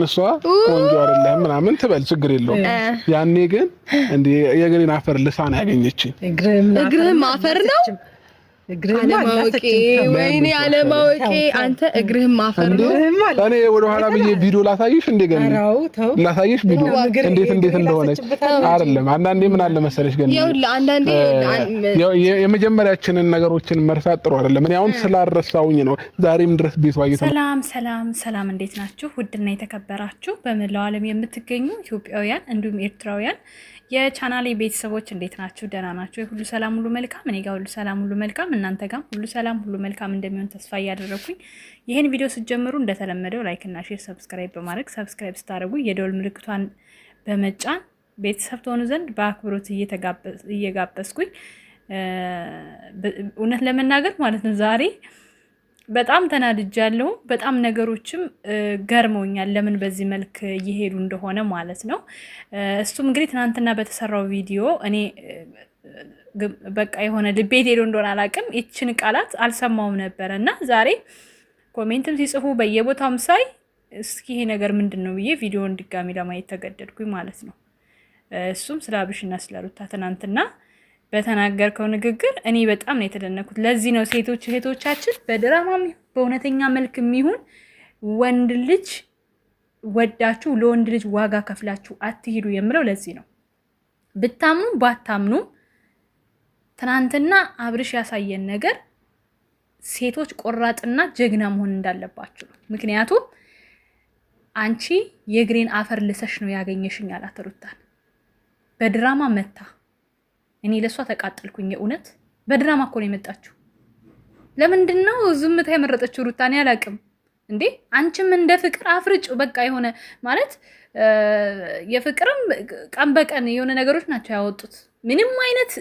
አሁን እሷ ቆንጆ አይደለም ምናምን ትበል ችግር የለውም። ያኔ ግን እንደ የእግሬን አፈር ልሳን ያገኘችኝ እግርህም አፈር ነው ወይኔ አለማወቄ አንተ ማፈር እኔ ወደ ኋላ ብዬ ቪዲዮ ላሳይሽ ላሳይሽ ቪዲዮ እንዴት እንዴት እንደሆነች አይደለም። አንዳንዴ ምን አለ መሰለሽ ገና የመጀመሪያችንን ነገሮችን መርሳት ጥሩ አይደለም። እኔ አሁን ስላረሳውኝ ነው ዛሬም ድረስ ቤቷ ሰላም ሰላም ሰላም፣ እንዴት ናችሁ? ውድና የተከበራችሁ በመላው ዓለም የምትገኙ ኢትዮጵያውያን እንዲሁም ኤርትራውያን የቻናሌ ቤተሰቦች እንዴት ናችሁ? ደህና ናችሁ? ሁሉ ሰላም ሁሉ መልካም፣ እኔ ጋ ሁሉ ሰላም ሁሉ መልካም፣ እናንተ ጋም ሁሉ ሰላም ሁሉ መልካም እንደሚሆን ተስፋ እያደረኩኝ ይህን ቪዲዮ ስትጀምሩ እንደተለመደው ላይክ እና ሼር፣ ሰብስክራይብ በማድረግ ሰብስክራይብ ስታደርጉ የደወል ምልክቷን በመጫን ቤተሰብ ትሆኑ ዘንድ በአክብሮት እየጋበዝኩኝ እውነት ለመናገር ማለት ነው ዛሬ በጣም ተናድጃለሁ። በጣም ነገሮችም ገርመውኛል፣ ለምን በዚህ መልክ እየሄዱ እንደሆነ ማለት ነው። እሱም እንግዲህ ትናንትና በተሰራው ቪዲዮ እኔ በቃ የሆነ ልቤት ሄዶ እንደሆነ አላውቅም፣ ይችን ቃላት አልሰማውም ነበረ እና ዛሬ ኮሜንትም ሲጽፉ በየቦታውም ሳይ እስኪ ይሄ ነገር ምንድን ነው ብዬ ቪዲዮን ድጋሚ ለማየት ተገደድኩኝ ማለት ነው። እሱም ስለ አብሽና ስለ ሩታ ትናንትና በተናገርከው ንግግር እኔ በጣም ነው የተደነኩት። ለዚህ ነው ሴቶች እህቶቻችን በድራማም በእውነተኛ መልክ የሚሆን ወንድ ልጅ ወዳችሁ ለወንድ ልጅ ዋጋ ከፍላችሁ አትሄዱ የምለው ለዚህ ነው። ብታምኑም ባታምኑም ትናንትና አብርሽ ያሳየን ነገር ሴቶች ቆራጥና ጀግና መሆን እንዳለባችሁ። ምክንያቱም አንቺ የእግሬን አፈር ልሰሽ ነው ያገኘሽኝ አላት ሩታን በድራማ መታ እኔ ለእሷ ተቃጠልኩኝ። የእውነት በድራማ እኮ ነው የመጣችሁ። ለምንድን ነው ዝምታ የመረጠችው ሩታ? እኔ አላቅም እንዴ አንቺም እንደ ፍቅር አፍርጭ በቃ የሆነ ማለት የፍቅርም ቀን በቀን የሆነ ነገሮች ናቸው ያወጡት። ምንም አይነት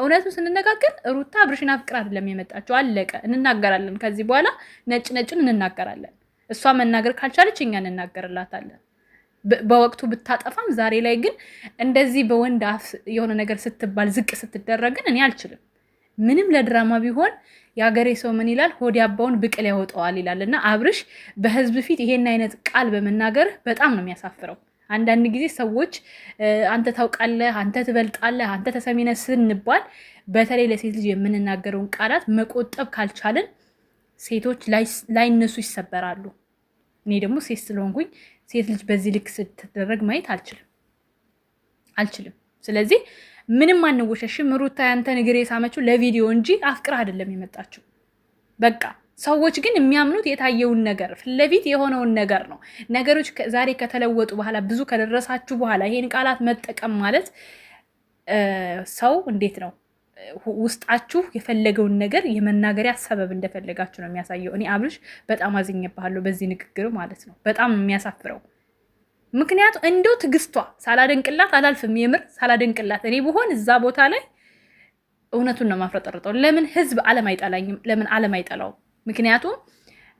እውነቱ ስንነጋገር ሩታ አብርሽና ፍቅር አይደለም የመጣችው። አለቀ። እንናገራለን ከዚህ በኋላ ነጭ ነጭን እንናገራለን። እሷ መናገር ካልቻለች እኛ እንናገርላታለን። በወቅቱ ብታጠፋም ዛሬ ላይ ግን እንደዚህ በወንድ አፍ የሆነ ነገር ስትባል ዝቅ ስትደረግን እኔ አልችልም። ምንም ለድራማ ቢሆን የአገሬ ሰው ምን ይላል? ሆድ ያባውን ብቅል ያወጣዋል ይላል። እና አብርሽ በህዝብ ፊት ይሄን አይነት ቃል በመናገርህ በጣም ነው የሚያሳፍረው። አንዳንድ ጊዜ ሰዎች አንተ ታውቃለህ፣ አንተ ትበልጣለህ፣ አንተ ተሰሚነህ ስንባል በተለይ ለሴት ልጅ የምንናገረውን ቃላት መቆጠብ ካልቻልን ሴቶች ላይነሱ ይሰበራሉ። እኔ ደግሞ ሴት ስለሆንኩኝ ሴት ልጅ በዚህ ልክ ስትደረግ ማየት አልችልም አልችልም። ስለዚህ ምንም አንወሻሽም። ሩታ ያንተን እግር የሳመችው ለቪዲዮ እንጂ አፍቅር አይደለም የመጣችው። በቃ ሰዎች ግን የሚያምኑት የታየውን ነገር ፊት ለፊት የሆነውን ነገር ነው። ነገሮች ዛሬ ከተለወጡ በኋላ ብዙ ከደረሳችሁ በኋላ ይሄን ቃላት መጠቀም ማለት ሰው እንዴት ነው ውስጣችሁ የፈለገውን ነገር የመናገሪያ ሰበብ እንደፈለጋችሁ ነው የሚያሳየው። እኔ አብርሽ በጣም አዝኜብሃለሁ በዚህ ንግግር ማለት ነው። በጣም የሚያሳፍረው ምክንያቱ እንደው ትግስቷ ሳላደንቅላት አላልፍም። የምር ሳላደንቅላት እኔ ብሆን እዛ ቦታ ላይ እውነቱን ነው ማፍረጠርጠው። ለምን ህዝብ አለም አይጠላኝም? ለምን አለም አይጠላውም? ምክንያቱም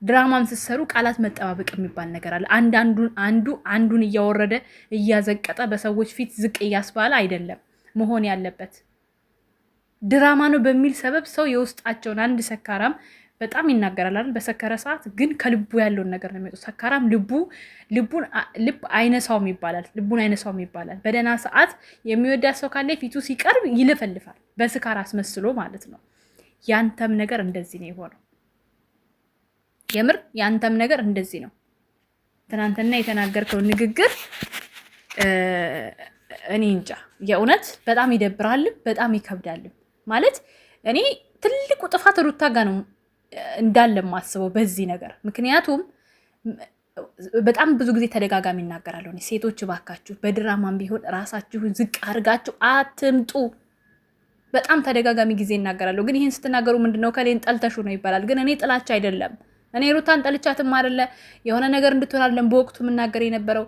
ድራማም ስትሰሩ ቃላት መጠባበቅ የሚባል ነገር አለ። አንዳንዱን አንዱ አንዱን እያወረደ እያዘቀጠ በሰዎች ፊት ዝቅ እያስባለ አይደለም መሆን ያለበት ድራማ ነው በሚል ሰበብ ሰው የውስጣቸውን አንድ ሰካራም በጣም ይናገራል አይደል? በሰከረ ሰዓት ግን ከልቡ ያለውን ነገር ነው የሚወጡ። ሰካራም ልቡ ልቡን ልብ አይነሳውም ይባላል። ልቡን አይነሳውም ይባላል። በደህና ሰዓት የሚወዳ ሰው ካለ ፊቱ ሲቀርብ ይለፈልፋል፣ በስካር አስመስሎ ማለት ነው። ያንተም ነገር እንደዚህ ነው የሆነው። የምር ያንተም ነገር እንደዚህ ነው። ትናንትና የተናገርከው ንግግር እኔ እንጃ፣ የእውነት በጣም ይደብራልም፣ በጣም ይከብዳልም። ማለት እኔ ትልቁ ጥፋት ሩታ ጋ ነው እንዳለ ማስበው በዚህ ነገር። ምክንያቱም በጣም ብዙ ጊዜ ተደጋጋሚ እናገራለሁ ሴቶች ባካችሁ በድራማም ቢሆን ራሳችሁን ዝቅ አድርጋችሁ አትምጡ። በጣም ተደጋጋሚ ጊዜ እናገራለሁ። ግን ይህን ስትናገሩ ምንድነው ከሌን ጠልተሹ ነው ይባላል። ግን እኔ ጥላቻ አይደለም። እኔ ሩታን ጠልቻትም አይደለ የሆነ ነገር እንድትሆናለን በወቅቱ የምናገር የነበረው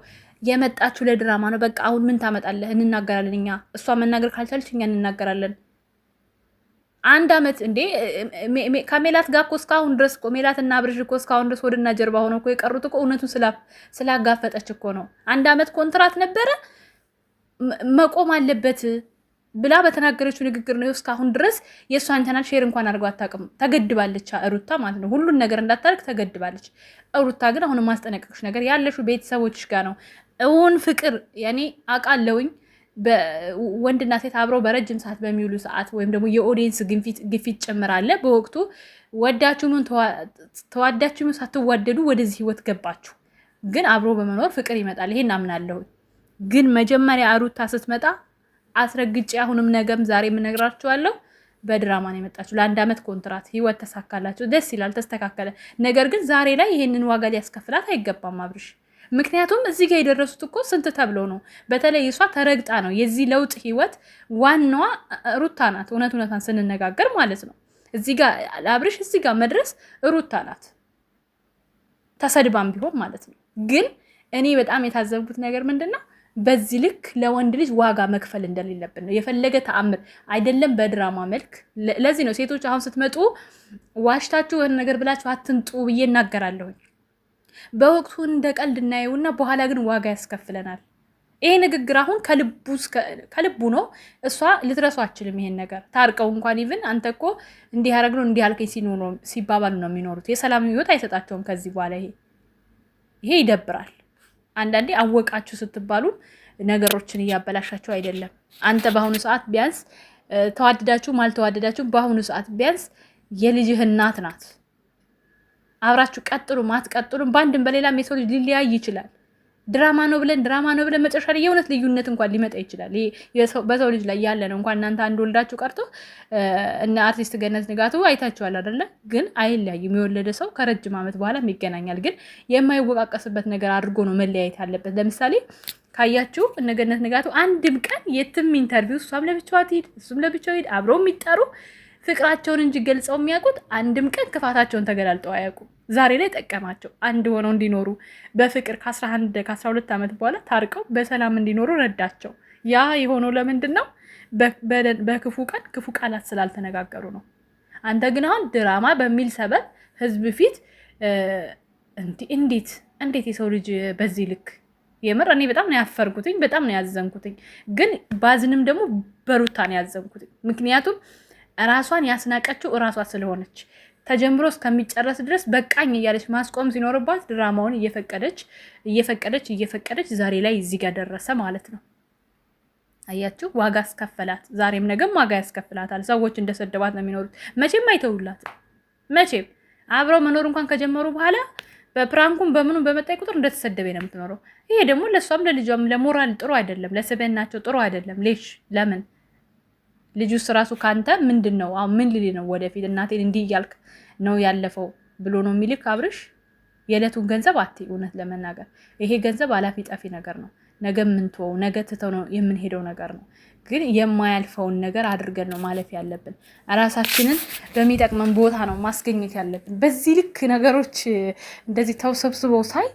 የመጣችሁ ለድራማ ነው። በቃ አሁን ምን ታመጣለህ? እንናገራለን እኛ እሷ መናገር ካልቻለች እኛ እንናገራለን። አንድ አመት እንዴ ከሜላት ጋር እኮ እስካሁን ድረስ እኮ ሜላት እና ብርሽ እኮ እስካሁን ድረስ ወደና ጀርባ ሆነ እኮ የቀሩት እኮ እውነቱን ስላጋፈጠች እኮ ነው። አንድ አመት ኮንትራት ነበረ መቆም አለበት ብላ በተናገረችው ንግግር ነው እስካሁን ድረስ የእሷን ቻናል ሼር እንኳን አድርገው አታውቅም። ተገድባለች ሩታ ማለት ነው። ሁሉን ነገር እንዳታደርግ ተገድባለች ሩታ። ግን አሁን ማስጠነቀቅሽ ነገር ያለሹ ቤተሰቦችሽ ጋር ነው እውን ፍቅር ያኔ አውቃለሁኝ ወንድና ሴት አብረው በረጅም ሰዓት በሚውሉ ሰዓት ወይም ደግሞ የኦዲየንስ ግፊት ጭምር በወቅቱ ወዳችሁም ተዋዳችሁም ሳትዋደዱ ወደዚህ ህይወት ገባችሁ፣ ግን አብሮ በመኖር ፍቅር ይመጣል። ይሄን አምናለሁ። ግን መጀመሪያ ሩታ ስትመጣ አስረግጬ አሁንም ነገም ዛሬ የምነግራችኋለሁ በድራማ ነው የመጣችሁ። ለአንድ ዓመት ኮንትራት ህይወት ተሳካላችሁ፣ ደስ ይላል፣ ተስተካከለ። ነገር ግን ዛሬ ላይ ይህንን ዋጋ ሊያስከፍላት አይገባም አብርሽ ምክንያቱም እዚህ ጋር የደረሱት እኮ ስንት ተብሎ ነው። በተለይ እሷ ተረግጣ ነው። የዚህ ለውጥ ህይወት ዋናዋ ሩታ ናት። እውነት እውነታን ስንነጋገር ማለት ነው። እዚህ ጋር እዚህ ጋር መድረስ ሩታ ናት፣ ተሰድባም ቢሆን ማለት ነው። ግን እኔ በጣም የታዘብኩት ነገር ምንድን ነው በዚህ ልክ ለወንድ ልጅ ዋጋ መክፈል እንደሌለብን ነው። የፈለገ ተአምር አይደለም በድራማ መልክ። ለዚህ ነው ሴቶች አሁን ስትመጡ ዋሽታችሁ ነገር ብላችሁ አትንጡ ብዬ እናገራለሁኝ። በወቅቱ እንደ ቀልድ እናየውና በኋላ ግን ዋጋ ያስከፍለናል። ይሄ ንግግር አሁን ከልቡ ነው። እሷ ልትረሱ አችልም። ይሄን ነገር ታርቀው እንኳን ይብን አንተ እኮ እንዲህ ነው እንዲህ ያልከኝ ሲባባሉ ነው የሚኖሩት። የሰላም ህይወት አይሰጣቸውም ከዚህ በኋላ። ይሄ ይሄ ይደብራል። አንዳንዴ አወቃችሁ ስትባሉ ነገሮችን እያበላሻቸው አይደለም። አንተ በአሁኑ ሰዓት ቢያንስ ተዋደዳችሁም አልተዋደዳችሁም፣ በአሁኑ ሰዓት ቢያንስ የልጅህ እናት ናት። አብራችሁ ቀጥሉ ማትቀጥሉም በአንድም በሌላም የሰው ልጅ ሊለያይ ይችላል። ድራማ ነው ብለን ድራማ ነው ብለን መጨረሻ ላይ የእውነት ልዩነት እንኳን ሊመጣ ይችላል። በሰው ልጅ ላይ ያለ ነው። እንኳን እናንተ አንድ ወልዳችሁ ቀርቶ እነ አርቲስት ገነት ንጋቱ አይታችኋል አይደለ? ግን አይለያይም። የወለደ ሰው ከረጅም ዓመት በኋላም ይገናኛል። ግን የማይወቃቀስበት ነገር አድርጎ ነው መለያየት ያለበት። ለምሳሌ ካያችሁ እነ ገነት ንጋቱ አንድም ቀን የትም ኢንተርቪው እሷም ለብቻዋ ትሂድ እሱም ለብቻው ሂድ አብረው የሚጠሩ ፍቅራቸውን እንጂ ገልጸው የሚያውቁት አንድም ቀን ክፋታቸውን ተገላልጠው አያውቁም። ዛሬ ላይ ጠቀማቸው፣ አንድ ሆነው እንዲኖሩ በፍቅር ከ11 ከ12 ዓመት በኋላ ታርቀው በሰላም እንዲኖሩ ረዳቸው። ያ የሆነው ለምንድን ነው? በክፉ ቀን ክፉ ቃላት ስላልተነጋገሩ ነው። አንተ ግን አሁን ድራማ በሚል ሰበብ ህዝብ ፊት እንዴት እንዴት የሰው ልጅ በዚህ ልክ የምር እኔ በጣም ነው ያፈርኩትኝ፣ በጣም ነው ያዘንኩትኝ። ግን ባዝንም ደግሞ በሩታ ነው ያዘንኩትኝ ምክንያቱም ራሷን ያስናቀችው እራሷ ስለሆነች ተጀምሮ እስከሚጨረስ ድረስ በቃኝ እያለች ማስቆም ሲኖርባት ድራማውን እየፈቀደች እየፈቀደች እየፈቀደች ዛሬ ላይ እዚህ ጋር ደረሰ ማለት ነው። አያችሁ፣ ዋጋ አስከፈላት። ዛሬም ነገም ዋጋ ያስከፍላታል። ሰዎች እንደሰደባት ነው የሚኖሩት። መቼም አይተውላት። መቼም አብረው መኖር እንኳን ከጀመሩ በኋላ በፕራንኩም በምኑም በመጣይ ቁጥር እንደተሰደበ ነው የምትኖረው። ይሄ ደግሞ ለእሷም ለልጇም ለሞራል ጥሩ አይደለም፣ ለስብዕናቸው ጥሩ አይደለም። ሌሽ ለምን ልጁስ ራሱ ከአንተ ምንድን ነው አሁን ምን ልል ነው ወደፊት እናቴን እንዲህ እያልክ ነው ያለፈው ብሎ ነው የሚልክ አብርሽ የዕለቱን ገንዘብ አት እውነት ለመናገር ይሄ ገንዘብ አላፊ ጠፊ ነገር ነው። ነገ ምንትወው ነገ ትተው ነው የምንሄደው ነገር ነው። ግን የማያልፈውን ነገር አድርገን ነው ማለፍ ያለብን። ራሳችንን በሚጠቅመን ቦታ ነው ማስገኘት ያለብን። በዚህ ልክ ነገሮች እንደዚህ ተውሰብስበው ሳይ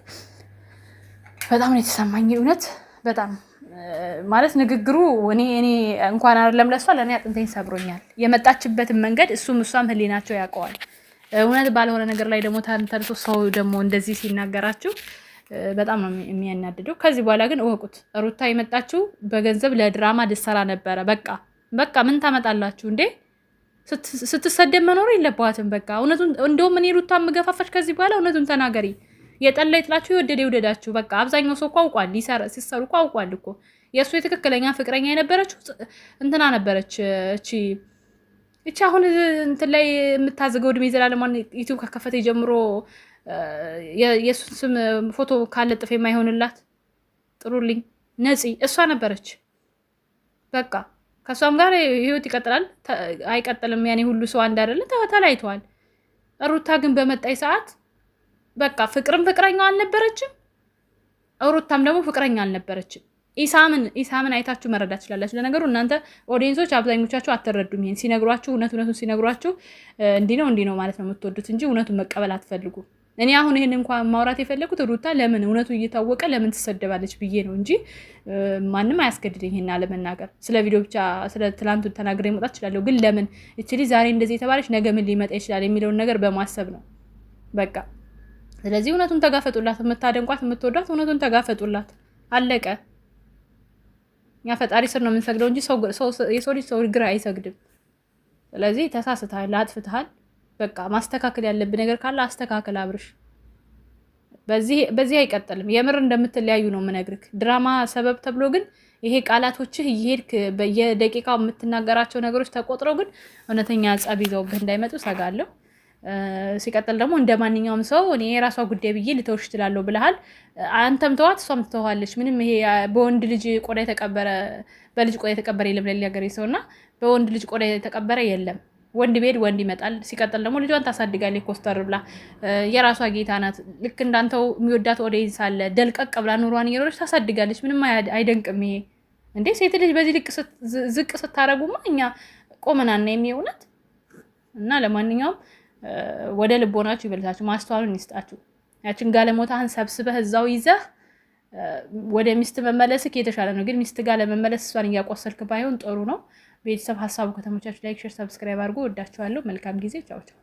በጣም ነው የተሰማኝ እውነት በጣም ማለት ንግግሩ እኔ እኔ እንኳን አይደለም ለሷ ለእኔ አጥንተኝ ሰብሮኛል። የመጣችበትን መንገድ እሱም እሷም ህሊናቸው ያውቀዋል። እውነት ባልሆነ ነገር ላይ ደግሞ ተንተርሶ ሰው ደግሞ እንደዚህ ሲናገራችሁ በጣም ነው የሚያናድደው። ከዚህ በኋላ ግን እወቁት፣ ሩታ የመጣችው በገንዘብ ለድራማ ልትሰራ ነበረ። በቃ በቃ ምን ታመጣላችሁ እንዴ? ስትሰደብ መኖር የለባትም። በቃ እውነቱን እንደውም እኔ ሩታ የምገፋፈች ከዚህ በኋላ እውነቱን ተናገሪ። የጠላ ይጥላችሁ የወደደ ይውደዳችሁ። በቃ አብዛኛው ሰው እኮ አውቋል፣ ሲሰሩ እኮ አውቋል እኮ። የእሱ የትክክለኛ ፍቅረኛ የነበረችው እንትና ነበረች እቺ እቺ አሁን እንትን ላይ የምታዝገው እድሜ ዘላለማን ዩቲዩብ ከከፈተ ጀምሮ የእሱን ስም ፎቶ ካለጥፍ የማይሆንላት ጥሩልኝ ነፂ እሷ ነበረች። በቃ ከእሷም ጋር ህይወት ይቀጥላል አይቀጥልም፣ ያኔ ሁሉ ሰው አንድ አይደለም፣ ተላይተዋል። ሩታ ግን በመጣይ ሰዓት በቃ ፍቅርም ፍቅረኛው አልነበረችም፣ ሩታም ደግሞ ፍቅረኛ አልነበረችም። ኢሳምን ኢሳምን አይታችሁ መረዳት ትችላላችሁ። ለነገሩ እናንተ ኦዲየንሶች አብዛኞቻችሁ አትረዱም። ይሄን ሲነግሯችሁ እውነት እውነቱን ሲነግሯችሁ እንዲህ ነው እንዲህ ነው ማለት ነው የምትወዱት እንጂ እውነቱን መቀበል አትፈልጉ። እኔ አሁን ይህን እንኳን ማውራት የፈለጉት ሩታ ለምን እውነቱ እየታወቀ ለምን ትሰደባለች ብዬ ነው እንጂ ማንም አያስገድድ ይሄን አለመናገር። ስለ ቪዲዮ ብቻ ስለ ትላንቱ ተናግረ መውጣት እችላለሁ፣ ግን ለምን እችሊ ዛሬ እንደዚህ የተባለች ነገ ምን ሊመጣ ይችላል የሚለውን ነገር በማሰብ ነው በቃ ስለዚህ እውነቱን ተጋፈጡላት። የምታደንቋት የምትወዷት እውነቱን ተጋፈጡላት። አለቀ። እኛ ፈጣሪ ስር ነው የምንሰግደው እንጂ የሰው ልጅ ሰው ግር አይሰግድም። ስለዚህ ተሳስተሃል፣ አጥፍተሃል። በቃ ማስተካከል ያለብህ ነገር ካለ አስተካከል አብርሽ። በዚህ አይቀጥልም። የምር እንደምትለያዩ ነው የምነግርህ። ድራማ ሰበብ ተብሎ ግን ይሄ ቃላቶችህ እየሄድክ በየደቂቃው የምትናገራቸው ነገሮች ተቆጥረው ግን እውነተኛ ጸብ ይዘውብህ እንዳይመጡ ሰጋለሁ። ሲቀጥል ደግሞ እንደ ማንኛውም ሰው እኔ የራሷ ጉዳይ ብዬ ልተውሽ ትላለሁ ብለሃል። አንተም ተዋት፣ እሷም ትተዋለች። ምንም ይሄ በወንድ ልጅ ቆዳ የተቀበረ በልጅ ቆዳ የተቀበረ የለም ለሌላ ሀገር ሰው እና በወንድ ልጅ ቆዳ የተቀበረ የለም። ወንድ ቤድ ወንድ ይመጣል። ሲቀጥል ደግሞ ልጇን ታሳድጋለች ኮስተር ብላ፣ የራሷ ጌታ ናት። ልክ እንዳንተው የሚወዳት ኦዴንስ አለ። ደልቀቅ ብላ ኑሯን እየኖረች ታሳድጋለች። ምንም አይደንቅም ይሄ እንዴ! ሴት ልጅ በዚህ ዝቅ ስታረጉማ እኛ ቆመናና የሚሆነት እና ለማንኛውም ወደ ልቦናችሁ ይመልሳችሁ፣ ማስተዋሉን ይስጣችሁ። ያችን ጋለሞታህን ሰብስበህ እዛው ይዘህ ወደ ሚስት መመለስክ የተሻለ ነው። ግን ሚስት ጋር ለመመለስ እሷን እያቆሰልክ ባይሆን ጥሩ ነው። ቤተሰብ ሀሳቡ ከተሞቻችሁ ላይክ፣ ሼር፣ ሰብስክራይብ አድርጎ ወዳችኋለሁ። መልካም ጊዜ። ቻውቻው